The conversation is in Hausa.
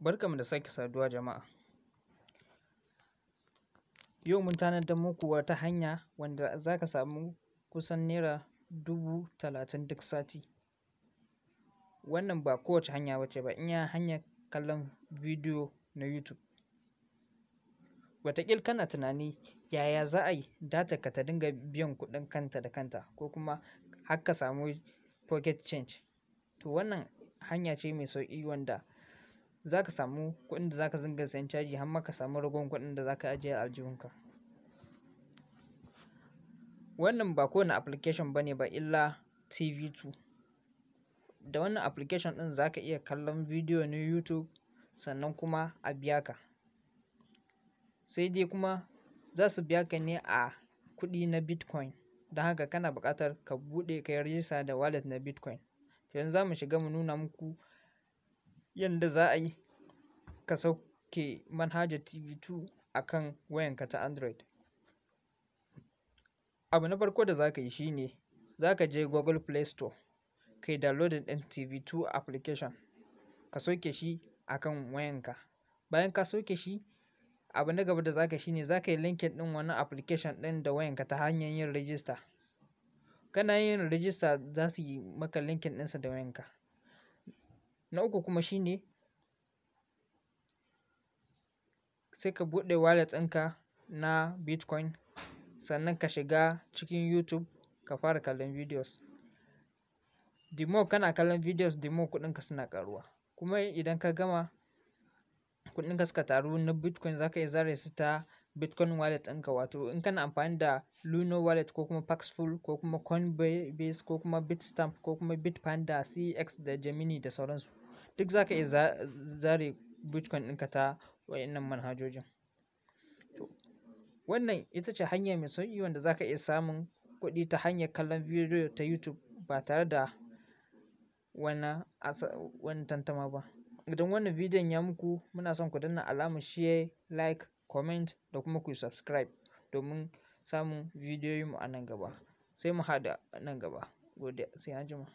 Barkanmu da sake saduwa jama'a. Yau mun tanadar muku wata hanya wanda za ka samu kusan naira dubu talatin duk sati. Wannan ba kowace hanya ba ce ba, iya hanyar kallon bidiyo na YouTube. Wataƙila kana tunani yaya za a yi data ka ta dinga biyan kuɗin kanta da kanta ko kuma har ka samu pocket change to wannan hanya ce mai sauƙi wanda za ka samu kuɗin da za ka dinga sayan caji har ma ka samu ragon kuɗin da za ka ajiye a aljihunka wannan ba kowane application ba ne ba illa tv2 da wannan application ɗin za ka iya kallon bidiyo na youtube sannan kuma a biya ka sai dai kuma za su biya ka ne a kuɗi na Bitcoin. Don haka kana buƙatar ka buɗe ka yi rajista da wallet na Bitcoin. yanzu za mu shiga mu nuna muku yadda za a yi ka sauke manhajar TV2 a kan wayanka ta Android. Abu na farko da za ka yi shi ne za ka je Google Play Store ka yi downloading ɗin TV2 application ka sauke shi a kan wayanka. Bayan ka sauke shi abu na gaba da zaka za zaka yi linkin ɗin wannan application ɗin da wayanka ta hanyar yin rijista kana yin rijista za su yi maka linkin ɗinsa da wayanka na uku kuma shi ne sai ka buɗe walet ɗinka na bitcoin sannan ka shiga cikin youtube ka fara kallon videos the more kana kallon videos the more kuɗinka suna ƙaruwa kuma idan ka gama kuɗin ka suka taru na Bitcoin za ka iya zare su ta Bitcoin wallet ɗinka wato in kana amfani da Luno wallet ko kuma Paxful ko kuma Coinbase ko kuma Bitstamp ko kuma Bitpanda, CX da Gemini da sauransu. Duk za ka iya zare Bitcoin ɗinka ta wayannan manhajojin. Wannan ita ce hanya mai sauƙi wanda za ka iya samun kuɗi ta hanyar kallon bidiyo ta YouTube ba tare da wani tantama ba. Idan wannan bidiyon ya muku muna son ku danna alamar share, like, comment da kuma ku subscribe domin samun bidiyoyinmu a nan gaba. Sai mu haɗu nan gaba. Gode sai anjima.